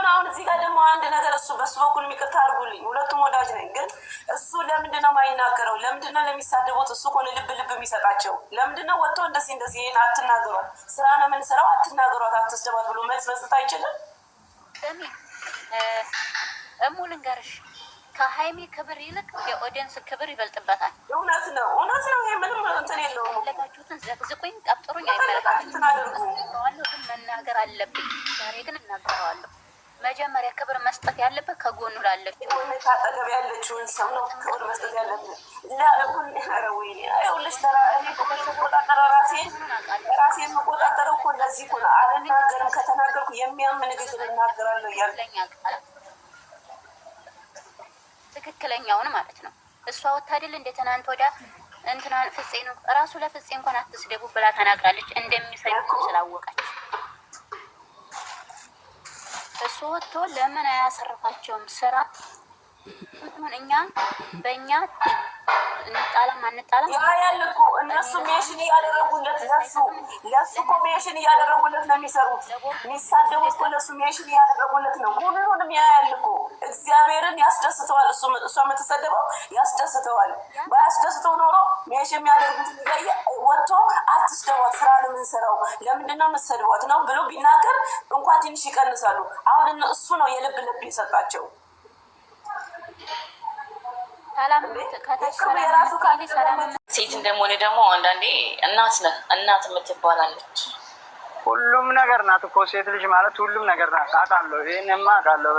አሁን አሁን እዚህ ጋር ደግሞ አንድ ነገር እሱ በሱ በኩል ይቅርታ አድርጉልኝ፣ ሁለቱም ወዳጅ ነኝ። ግን እሱ ለምንድን ነው የማይናገረው? ለምንድን ነው ለሚሳደቡት እሱ ኮን ልብ ልብ የሚሰጣቸው? ለምንድን ነው ወጥቶ እንደዚህ እንደዚህ ይህን አትናገሯት፣ ስራ ነው ስራው፣ አትናገሯት፣ አትስደባት ብሎ መልስ መስጠት አይችልም? ቅሚ እሙ ልንገርሽ ከሀይሚ ክብር ይልቅ የኦዲየንስ ክብር ይበልጥበታል። እውነት ነው እውነት ነው። ይሄ ምንም እንትን የለውም። ፈለጋችሁትን ዘቅዝቁኝ፣ ቀብጥሩኝ፣ አይመለካትም። ዋናው ግን መናገር አለብኝ። ዛሬ ግን እናገረዋለሁ። መጀመሪያ ክብር መስጠት ያለበት ከጎኑ ላለች ታጠገብ ያለችውን ሰው ነው ክብር መስጠት ያለብን። ለሁን ረወይ ሁልሽ ራሴ ራሴ መቆጣጠረው እኮ ለዚህ እኮ አልናገርም። ከተናገርኩ የሚያምን ንግግር እናገራለሁ እያለኝ ትክክለኛውን ማለት ነው። እሷ ወታደል እንደ ትናንት ወዲያ እንትናን ፍፄ ነው ራሱ ለፍፄ እንኳን አትስደቡ ብላ ተናግራለች እንደሚሰኙ ስላወቀች ሶቶ ለምን አያሰርፋቸውም? ስራ ምን እኛ በእኛ እንጣላም አንጣላም ያ ያለ እኮ እነሱ ሜሽን እያደረጉለት ለሱ ለሱ እኮ ሜሽን እያደረጉለት ነው የሚሰሩት። የሚሳደቡት እኮ ለሱ ሜሽን እያደረጉለት ነው። ሁሉንም ያ ያለ እኮ እግዚአብሔርን ያስደስተዋል። እሱ እሷ የምትሰደበው ያስደስተዋል። ባያስደስተው ኖሮ ሜሽን የሚያደርጉት እያየ ወጥቶ አትስደቧት፣ ስራ ለምንሰራው ነው የምትሰድቧት ነው ብሎ ቢናገር እንኳን ትንሽ ይቀንሳሉ። አሁን እሱ ነው የልብ ልብ የሰጣቸው። ሴት እንደመሆኔ ደግሞ አንዳንዴ እናት ነህ እናት የምትባላለች ሁሉም ነገር ናት እኮ ሴት ልጅ ማለት ሁሉም ነገር ናት። አውቃለሁ፣ ይህንማ አውቃለሁ።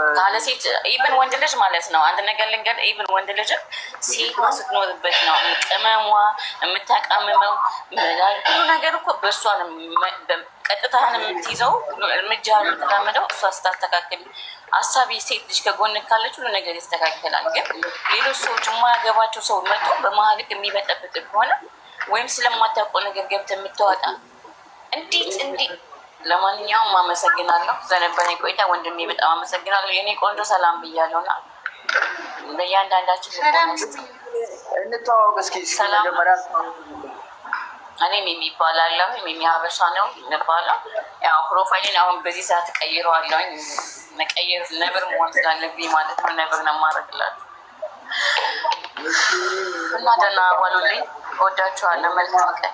ሴት ኢቨን ወንድ ልጅ ማለት ነው። አንድ ነገር ልንገር፣ ኢቨን ወንድ ልጅ ሴቷ ስትኖርበት ነው ቅመሟ፣ የምታቃምመው ሁሉ ነገር እኮ በእሷን ቀጥታህን የምትይዘው እርምጃ የምትራመደው እሷ ስታስተካክል፣ አሳቢ ሴት ልጅ ከጎን ካለች ሁሉ ነገር ይስተካከላል። ግን ሌሎች ሰዎች የማያገባቸው ሰው መጥቶ በመሀልቅ የሚበጠብጥ ከሆነ ወይም ስለማታውቀው ነገር ገብተህ የምታወጣ እንዴት እንዴ! ለማንኛውም አመሰግናለሁ ስለነበረኝ ቆይታ ወንድሜ፣ በጣም አመሰግናለሁ የኔ ቆንጆ። ሰላም ብያለሁ ና ለእያንዳንዳችን እንተዋወቅ እስኪ። መጀመሪያ እኔ ሚሚ ይባላለሁ። ሚሚ ሀበሻ ነው ይባላል። ያው ፕሮፋይልን አሁን በዚህ ሰዓት ቀይረዋለሁኝ። መቀየር ነብር መሆን ስላለብኝ ማለት ነው። ነብር ነው የማደርግላችሁ እና ደህና ዋሉልኝ። እወዳችኋለሁ። መልካም ቀን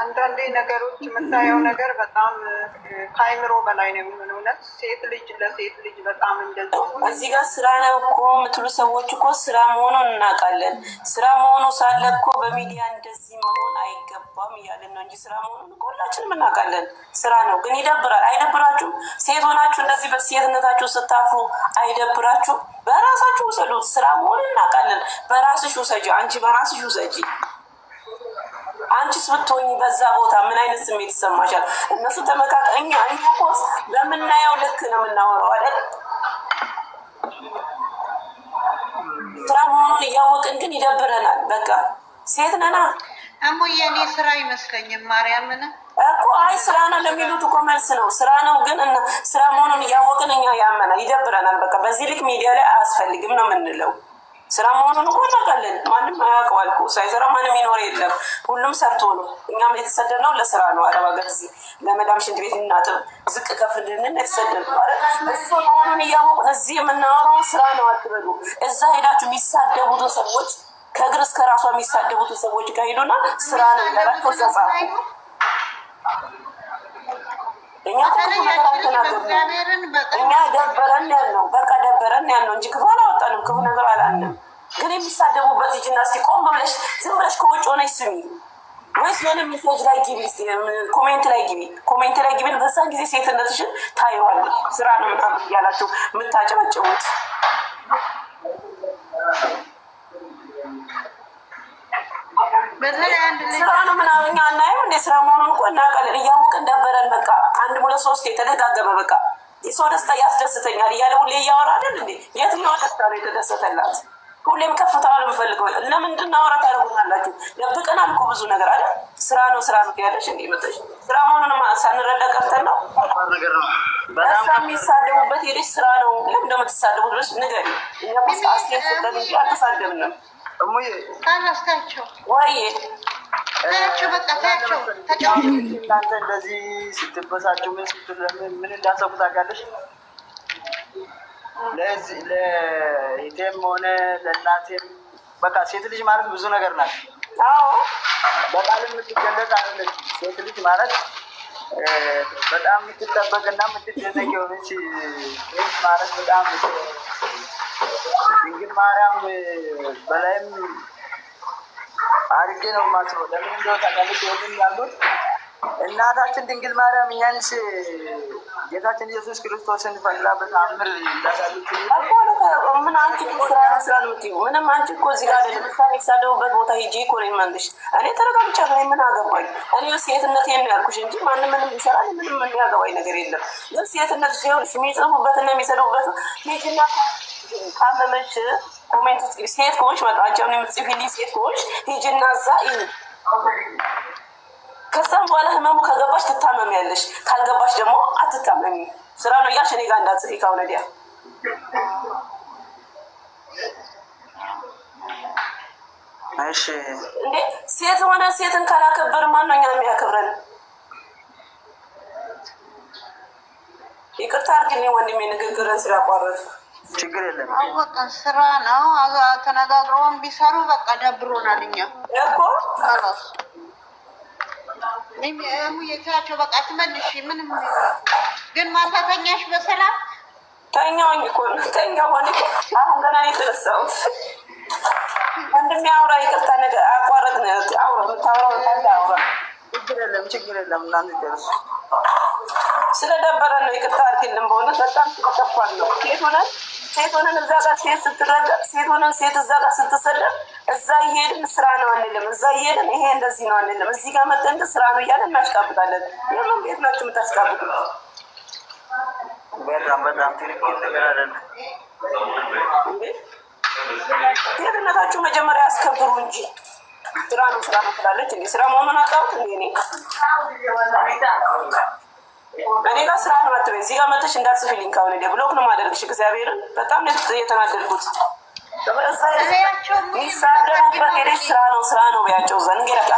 አንዳንዴ ነገሮች የምታየው ነገር በጣም ከአይምሮ በላይ ነው የሚሆን። እውነት ሴት ልጅ ለሴት ልጅ በጣም እንደዚህ እዚህ ጋር ስራ ነው እኮ የምትሉ ሰዎች እኮ ስራ መሆኑን እናውቃለን። ስራ መሆኑ ሳለ እኮ በሚዲያ እንደዚህ መሆን አይገባም እያለን ነው እንጂ ስራ መሆኑን ሁላችንም እናውቃለን። ስራ ነው ግን ይደብራል። አይደብራችሁም? ሴት ሆናችሁ እንደዚህ በሴትነታችሁ ስታፍሩ አይደብራችሁም? በራሳችሁ ውሰዱት። ስራ መሆኑን እናውቃለን። በራስሽ ውሰጂ፣ አንቺ በራስሽ ውሰጂ። አንቺስ ብትሆኝ በዛ ቦታ ምን አይነት ስሜት ይሰማሻል? እነሱ ተመካከ እኛ እኛ ኮስ በምናየው ልክ ነው የምናወራው አይደል? ስራ መሆኑን እያወቅን ግን ይደብረናል። በቃ ሴት ነና አሞ የኔ ስራ አይመስለኝም ማርያምን እኮ አይ ስራ ነው ለሚሉት እኮ መልስ ነው። ስራ ነው ግን ስራ መሆኑን እያወቅን እኛ ያመናል፣ ይደብረናል። በቃ በዚህ ልክ ሚዲያ ላይ አያስፈልግም ነው የምንለው ስራ መሆኑን እኮ እናውቃለን። ማንም አያውቀው አልኩ። ሳይሰራ ማንም ይኖር የለም። ሁሉም ሰርቶ ነው። እኛም የተሰደድነው ለስራ ነው። አረብ ሀገር እዚህ ለመዳም ሽንት ቤት እናጥብ ዝቅ ከፍልንን እንድንል የተሰደድነው አይደል? እያወቁ እዚህ የምናወራው ስራ ነው አትበሉ። እዛ ሄዳችሁ የሚሳደቡትን ሰዎች ከእግር እስከ ራሷ የሚሳደቡትን ሰዎች ጋር ሄዱና ስራ ነው ያላቸው ዘጻ ጻፉ። እኛ እኛ ደበረን ያልነው በቃ ደበረን ያልነው እንጂ ክፉ አላወጣንም። ክፉ ነገር አላለም። ግን የሚሳደቡበት እጅና እስኪ ቆም ብለሽ ዝም ብለሽ ከውጭ ሆነች ስሚ፣ ወይስ የሆነ ሚሴጅ ላይ ግቢ፣ ኮሜንት ላይ ግቢ፣ ኮሜንት ላይ ግቢ። በዛን ጊዜ ሴትነትሽን ታይዋል። ስራ ነው ምናም እያላችሁ የምታጨበጭቡት ስራ ነው ምናምን እኛ አናየው እንደ ስራ መሆኑን እኮ እናውቃለን፣ እያወቅን ነበረን። በቃ አንድ ሁለት ሶስት የተደጋገመ በቃ የሰው ደስታ ያስደስተኛል እያለ ሁሌ እያወራ አይደል እንዴ? የትኛዋ ደስታ ነው የተደሰተላት? ሁሌም ከፍታ ነው የምፈልገው። ለምንድን ነው አውራት ያደርጉታላችሁ? ደብቀናል እኮ ብዙ ነገር አለ። ስራ ነው ስራ ነው ያለሽ እንዴ መጠሽ ስራ መሆኑን ሳንረዳ ቀርተን ነው በዛ የሚሳደቡበት የልጅ ስራ ነው። ለምን ትሳደቡ ድረስ ንገሪ። አስቴር ስጠን አልተሳደብንም። ቃላስታቸው ወይ ታያቸው በቃ ታያቸው እንደዚህ ስትበሳቸው ምን ምን እንዳሰቡ ታውቃለሽ ለቴም ሆነ ለእናቴም በቃ ሴት ልጅ ማለት ብዙ ነገር ናት። አዎ በቃል የምትገለጽ አይደለች። ሴት ልጅ ማለት በጣም የምትጠበቅ የምትጠበቅና የምትደነቅ የሆነች ማለት በጣም ድንግል ማርያም በላይም አድርጌ ነው ማስበው። ለምን እንደው ታውቃለች ይህንን ያሉት እናታችን ድንግል ማርያም እኛንስ ጌታችን ኢየሱስ ክርስቶስን ፈላበት አምር ምንም አንቺ እኮ እዚህ ጋር ለምሳሌ የተሳደቡበት ቦታ ሂጂ እኮ ነው የመንግስት እኔ ተረጋግቻ ነው ምን አገባኝ። እኔ ሴትነት የሚያልኩሽ እንጂ ማንም ምንም ይሰራል ምንም የሚያገባኝ ነገር የለም። ግን ሴትነት ሲሆን የሚጽፉበትና የሚሰደቡበት ሄጅና ካመመች ኮሜንት ሴት ከሆንሽ መጣቸው የምትጽፊልኝ ሴት ከሆንሽ ሂጅና እዛ ከዛም በኋላ ህመሙ ከገባሽ ትታመም ያለሽ፣ ካልገባሽ ደግሞ አትታመሚ። ስራ ነው እያልሽ እኔ ጋር እንዳትጽፊ ከአሁን ወዲያ። እንዴ ሴት ሆነ ሴትን ካላከበር ማን ነው እኛን የሚያከብረን? ይቅርታ አድርግልኝ ወንድሜ ንግግርን ስላቋረጥኩ። ችግር የለም። በቃ ስራ ነው። ተነጋግረውን ቢሰሩ በቃ ደብሮናል እኛ እኮ ሙየቻቸው በቃ ትመልሽ ምንም ግን ማታተኛሽ በሰላም ተኛውኝ እኮ ተኛ ሆነ። አሁን ገና ነው የተነሳሁት። ወንድሜ አውራ፣ ይቅርታ ነገር አቋረጥ ነው። አውራ የምታውራው አውራ፣ ችግር የለም ችግር የለም። እናንተ ደርሱ ስለደበረ ነው። ይቅርታ አድርግልን። በእውነት በጣም ተከፋል ነው ሆነ ሴት ሆነን እዛ ጋር ሴት ስትረገጥ፣ ሴት ሆነን ሴት እዛ ጋር ስትሰደብ፣ እዛ እየሄድን ስራ ነው አንልም። እዛ እየሄድን ይሄ እንደዚህ ነው አንልም። እዚህ ጋር መጠን ስራ ነው እያለን እናሽቃብጣለን። የምን ቤት ናችሁ የምታሽቃብጡ? በጣም በጣም ነገር ሴትነታችሁ መጀመሪያ ያስከብሩ እንጂ ስራ ነው ስራ ነው ትላለች። እንዲ ስራ መሆኑን አጣሁት እንዲ እኔ እኔ ጋር ስራ ነው አትበይ። እዚህ ጋር መተሽ እንዳትጽፊልኝ ከሆነ ደ ብሎክ ነው ማደርግሽ። እግዚአብሔርን በጣም የተናደድኩት ሚሳደሩበት ስራ ነው ስራ ነው ቢያቸው እዛ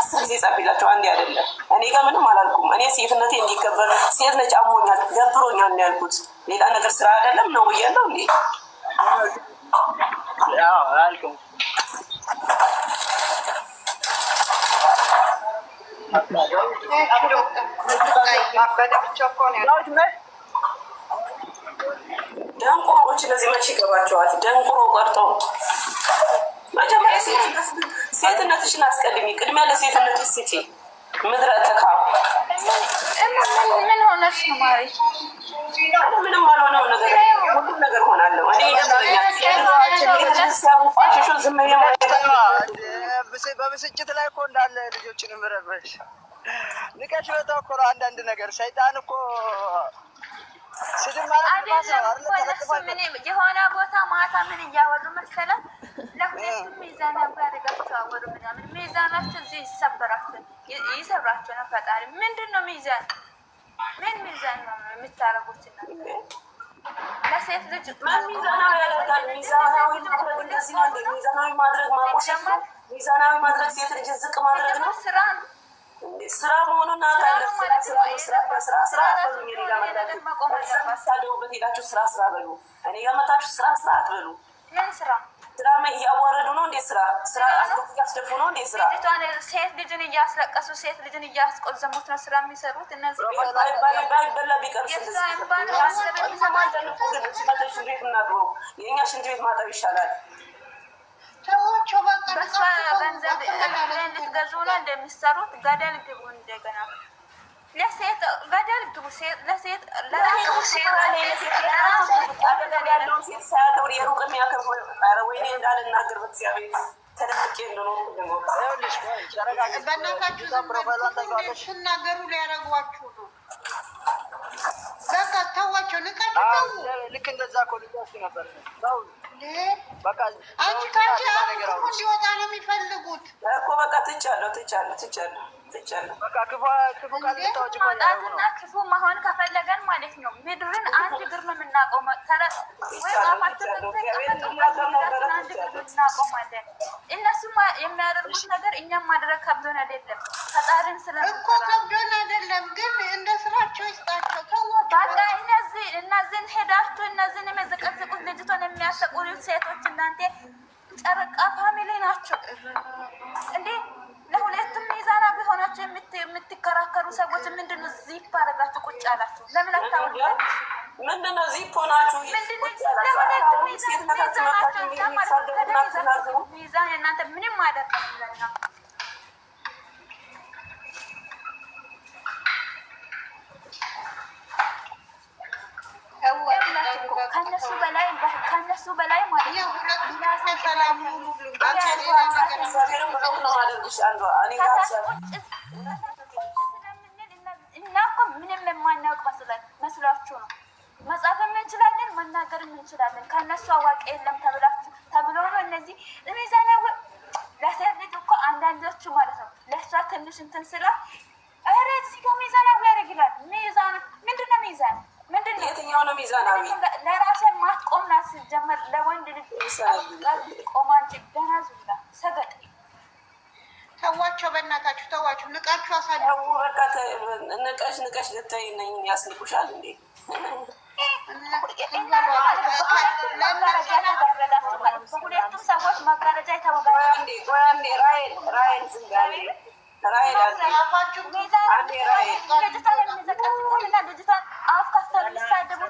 አስር ጊዜ ጻፊላቸው አንድ አይደለም። እኔ ጋር ምንም አላልኩም። እኔ ሴትነት እንዲከበር ሴት ነች፣ አሞኛል፣ ደብሮኛል ነው ያልኩት። ሌላ ነገር ስራ አይደለም ነው ብያለው እንዴ አልኩም። ደንቆሮች እነዚህ መቼ ይገባቸዋል? ደንቆሮ ቀርተው መጀመሪያ ሴትነትሽን አስቀድሚ። ቅድሚያ ለሴትነት ስጪ። ምድረ ተካ ምን ሆነሽ ነው? ምንም አልሆነው ነገር ሁሉም ነገር ሆናለሁ እኔ ዝም በብስጭት ላይ እኮ እንዳለ ልጆችን ምረበሽ ንቀሽ በተው እኮ ነው። አንዳንድ ነገር ሰይጣን እኮ ስድብ ማለት የሆነ ቦታ ማታ ምን እያወሩ መሰለ ለሁለቱም ሚዛን ነበር ያደርጋቸው አወሩ ምናምን ሚዛናቸው እዚህ ይሰበራቸው ይሰብራቸው ነው ፈጣሪ። ምንድን ነው ሚዛን? ምን ሚዛን ነው የምታረጉት? ለሴት ልጅ ሚዛናዊ ያደርጋል። ሚዛናዊ እንደዚህ ነው። ሚዛናዊ ማድረግ ማቆሸማ፣ ሚዛናዊ ማድረግ ሴት ልጅ ዝቅ ማድረግ ነው ስራ ነው። ስራ መሆኑን ታደቡበት ሄዳችሁ ስራ ስራ በሉ። እኔ ጋር ስራ ስራ አትበሉ። ስራ እያዋረዱ ነው እንዴ? ስራ ስራ እያስደፉ ነው እንዴ? ስራ ሴት ልጅን እያስለቀሱ ሴት ልጅን እያስቆዘሙት ነው ስራ የሚሰሩት እነዚህ የእኛ ሽንት ቤት ማጠብ ይሻላል። በእሷ ገንዘብ እንድትገዙ ነው እንደሚሰሩት ገደል ግቡ። እንደገና ለሴት ገደል ግቡ። ለሴት በእናታችሁ ሊያረጓችሁ ነው። በቃ ተዋቸው፣ ንቃችሁ ልክ እንደዛ እኮ ነበር። እንዲወጣ ነው የሚፈልጉት እኮ በቃ ትቻለሁ ትቻለሁ ትቻለሁ ትቻለሁ ክፉ መሆን ከፈለገን ማለት ነው። ምድርን አንድ እግር ነው የምናቆመው እናቆማለን። እነሱ የሚያደርጉት ነገር እኛም ማድረግ ከብዶን አይደለም ፈጣሪን ስለ እኮ ከብዶን አይደለም ግን እንደ ስራቸው ይስጣቸው እነዚህን ሄዳችሁ እነዚህን የሚዘቀዝቁት ልጅቶን የሚያሰቁሉት ሴቶች እናንተ ጨረቃ ፋሚሊ ናቸው እንዴ? ለሁለቱም ሚዛና ቢሆናቸው የምትከራከሩ ሰዎች ምንድን ነው ዚፕ አደረጋችሁ ቁጭ አላችሁ? ለምን አታወል ምንድን ነው ዚፕ ሆናችሁ? ለሁለቱም ሚዛናቸው ሚዛን እናንተ ምንም አደረጋችሁ እኛ እኮ ምንም የማናውቅ መስሏችሁ ነው። መጻፍ እንችላለን፣ መናገር እንችላለን። ከነሱ አዋቂ የለም ተብላችሁ ተብሎ ነው እነዚህ ሚዛና ለሴት ልጅ እኮ አንዳንዶቹ ማለት ነው ለእሷ ትንሽ እንትን ስላ ኧረ እዚህ ሚዛናዊ ያደርግላል። ሚዛን ምንድን ነው? ሚዛን ምንድን ነው? የትኛው ነው ሚዛናዊ? ለራሴ ማ ቁና ሲጀመር ለወንድ ልጅ ቆማንች ደናዙላ ሰገጥ ተዋቸው፣ በእናታችሁ ተዋቸው፣ ንቃችሁ አሳደው። በቃ ንቀሽ ንቀሽ ልታይ ነኝ ያስንቁሻል እንዴ! ሁለቱም ሰዎች መጋረጃ የተወጋ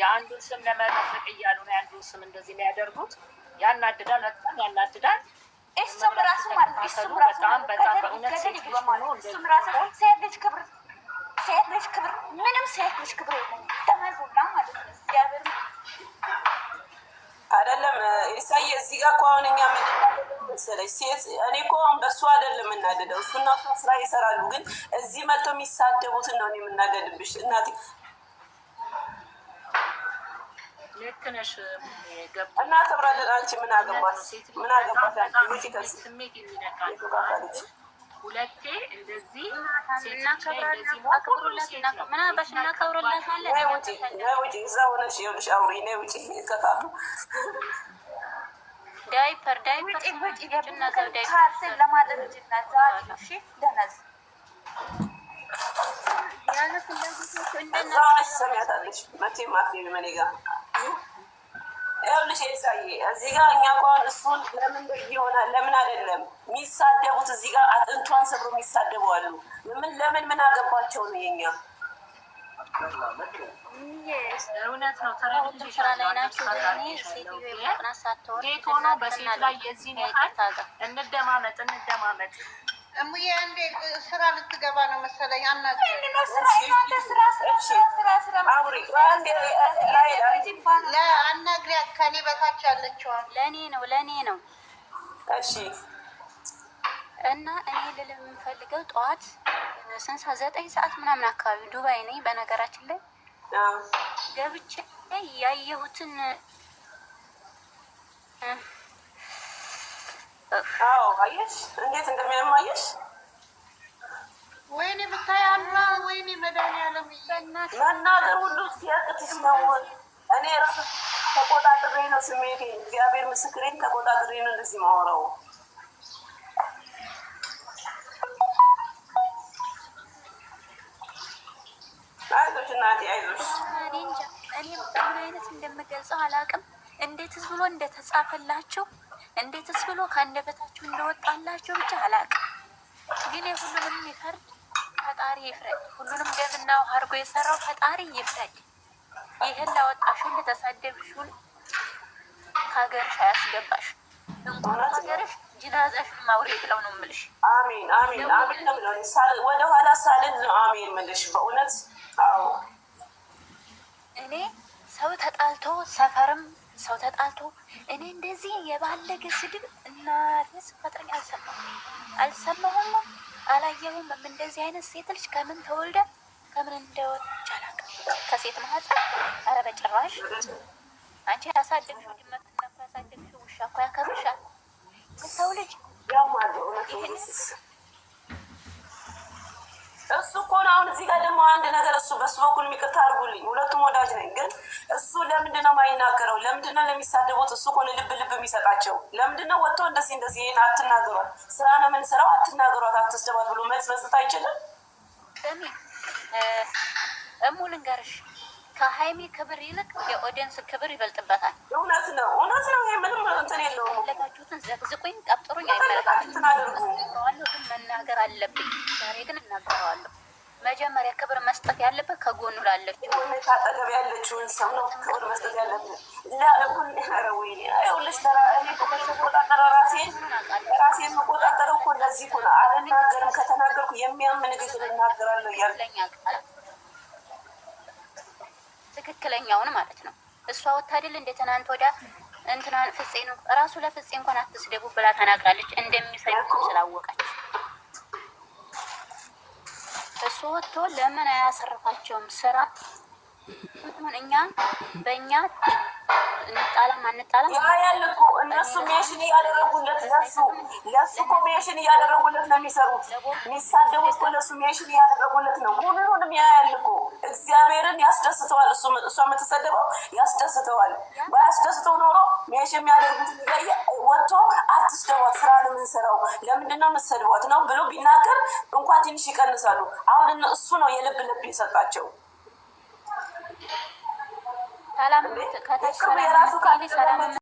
የአንዱን ስም ለመረፍቅ እያሉ ነው የአንዱን ስም እንደዚህ የሚያደርጉት። ያናድዳል፣ በጣም ያናድዳል። እሱም ራሱ ማለት ሴት ክብር ሴት ክብር ምንም ሴት ልጅ ክብር የለም። አይደለም ኢሳይ እዚህ ጋር እኮ አሁን እኛ ምን መሰለሽ ሴት እኔ እኮ አሁን በእሱ አይደለም የምናደደው እሱና እሱ ስራ ይሰራሉ። ግን እዚህ መጥቶ የሚሳደቡትን ነው እኔ የምናደድብሽ እናቴ ነሽ እና ከብራለን። አንቺ ምን አገባሽ? ምን አገባሽ? ስሜት የሚነካ ሁለቴ እንደዚህ ምናባሽ እናከብርላታለን። ውጪ እዛ ሆነሽ ይኸውልሽ፣ አውሪ ነይ ውጪ ይቀጣሉ። ዳይፐር ዳይፐር ለማለት ይኸውልሽ ኤልሳዬ እዚህ ጋር እኛ እንኳን እሱን ለምን ይሆናል ለምን አይደለም የሚሳደቡት እዚህ ጋር አጥንቷን ሰብሮ የሚሳደቡ አሉ። ምን ለምን ምን አገባቸው ነው የኛ እውነት ነው። ተረቱም ስራ ላይ ናቸው። ሴት ሆኖ በሴት ላይ የዚህ ያህል እንደማመጥ እንደማመጥ እሙዬ እንዴ ስራ ልትገባ ነው መሰለኝ። አናግሪያት ከኔ በታች ያለችዋል። ለእኔ ነው ለእኔ ነው። እሺ እና እኔ ልል የምንፈልገው ጠዋት ስንት ዘጠኝ ሰዓት ምናምን አካባቢ ዱባይ ነኝ። በነገራችን ላይ ገብቼ ያየሁትን አየሽ እንዴት እንደሚያማየሽ ወይኔ ብታይ አላ ወይኔ መድኃኒዓለም መናገር ሁሉ ሲያቅትሽ ነው። እኔ ራሱ ተቆጣጥሬ ነው ስሜቴ፣ እግዚአብሔር ምስክሬን ተቆጣጥሬ ነው እንደዚህ ማወራው። አይዞሽ እናቴ አይዞሽ። እኔ ምን አይነት እንደምገልጸው አላውቅም፣ እንዴትስ ብሎ እንደተጻፈላቸው እንዴትስ ብሎ ከአንደበታችሁ እንደወጣላችሁ ብቻ አላውቅም። ግን የሁሉንም ይፈርድ ፈጣሪ ይፍረድ። ሁሉንም ደምና ውሃ አድርጎ የሰራው ፈጣሪ ይፍረድ። ይህን ላወጣሽን ለተሳደብሽን ከሀገርሽ አያስገባሽ። እንኳን ሀገርሽ ጅናዛሽ ማውሬ ብለው ነው ምልሽ። አሚን አሚን አሚን። ወደኋላ ሳልን ነው አሚን ምልሽ በእውነት አዎ እኔ ሰው ተጣልቶ ሰፈርም ሰው ተጣልቶ እኔ እንደዚህ የባለገ ስድብ እና ስፈጥረኝ አልሰማሁም አልሰማሁም አላየሁም። እንደዚህ አይነት ሴት ልጅ ከምን ተወልደ ከምን እንደወጣች አላውቅም። ከሴት ማህፀን ኧረ በጭራሽ አንቺ ያሳደግሽው ድመት እኮ ያሳደግሽው ውሻ እኮ ያከብርሻል። ሰው ልጅ ያው ማለት ነው እሱ እኮ ነው አሁን እዚህ ጋር ደግሞ አንድ ነገር እሱ በሱ በኩል የሚቅርታ አድርጉልኝ፣ ሁለቱም ወዳጅ ነኝ። ግን እሱ ለምንድን ነው የማይናገረው? ለምንድን ነው ለሚሳደቡት እሱ እኮ ልብ ልብ የሚሰጣቸው? ለምንድን ነው ወጥቶ እንደዚህ እንደዚህ ይህን አትናገሯት፣ ስራ ነው የምንሰራው፣ አትናገሯት፣ አትስደባት ብሎ መልስ መስጠት አይችልም? እሙ ልንገርሽ ከሀይሚ ክብር ይልቅ የኦዲየንስ ክብር ይበልጥበታል። እውነት ነው፣ እውነት ነው። ምንም እንትን የለውም። የፈለጋችሁትን ዘቅዝቁኝ፣ ቀብጥሩኝ፣ አይመለከተዋለሁ፣ ግን መናገር አለብኝ። ዛሬ ግን እናገረዋለሁ። መጀመሪያ ክብር መስጠት ያለበት ከጎኑ ላለችው አጠገብ ያለችውን ሰው ነው ክብር መስጠት ያለብን። ይኸውልሽ ራሴን መቆጣጠር እኮ ለዚህ እኮ ነው። አልናገርም ከተናገርኩ የሚያምን ግግር እናገራለሁ እያለኝ ትክክለኛውን ማለት ነው። እሷ ወታደል እንደ ትናንት ወዳ እንትና ፍፄ ነው ራሱ ለፍፄ እንኳን አትስደቡ ብላ ተናግራለች። እንደሚሰዩት ስላወቀች እሱ ወጥቶ ለምን አያሰርፋቸውም ስራ እኛ በእኛ እንጣላም አንጣላም ያለው እኮ እነሱ ሜሽን እያደረጉለት ለሱ ለሱ እኮ ሜሽን እያደረጉለት ነው የሚሰሩት የሚሳደቡት እኮ ለሱ ሜሽን እያደረጉለት ነው። ሁሉንም ያያል እኮ እግዚአብሔርን ያስደስተዋል። እሷ የምትሰደበው ያስደስተዋል። ባያስደስተው ኖሮ ሜሽን የሚያደርጉት ሊለየ ወጥቶ አትስደቧት፣ ስራ ነው የምንሰራው፣ ለምንድን ነው የምትሰድቧት ነው ብሎ ቢናገር እንኳን ትንሽ ይቀንሳሉ። አሁን እሱ ነው የልብ ልብ የሰጣቸው። ሰላም ከታች ሰላም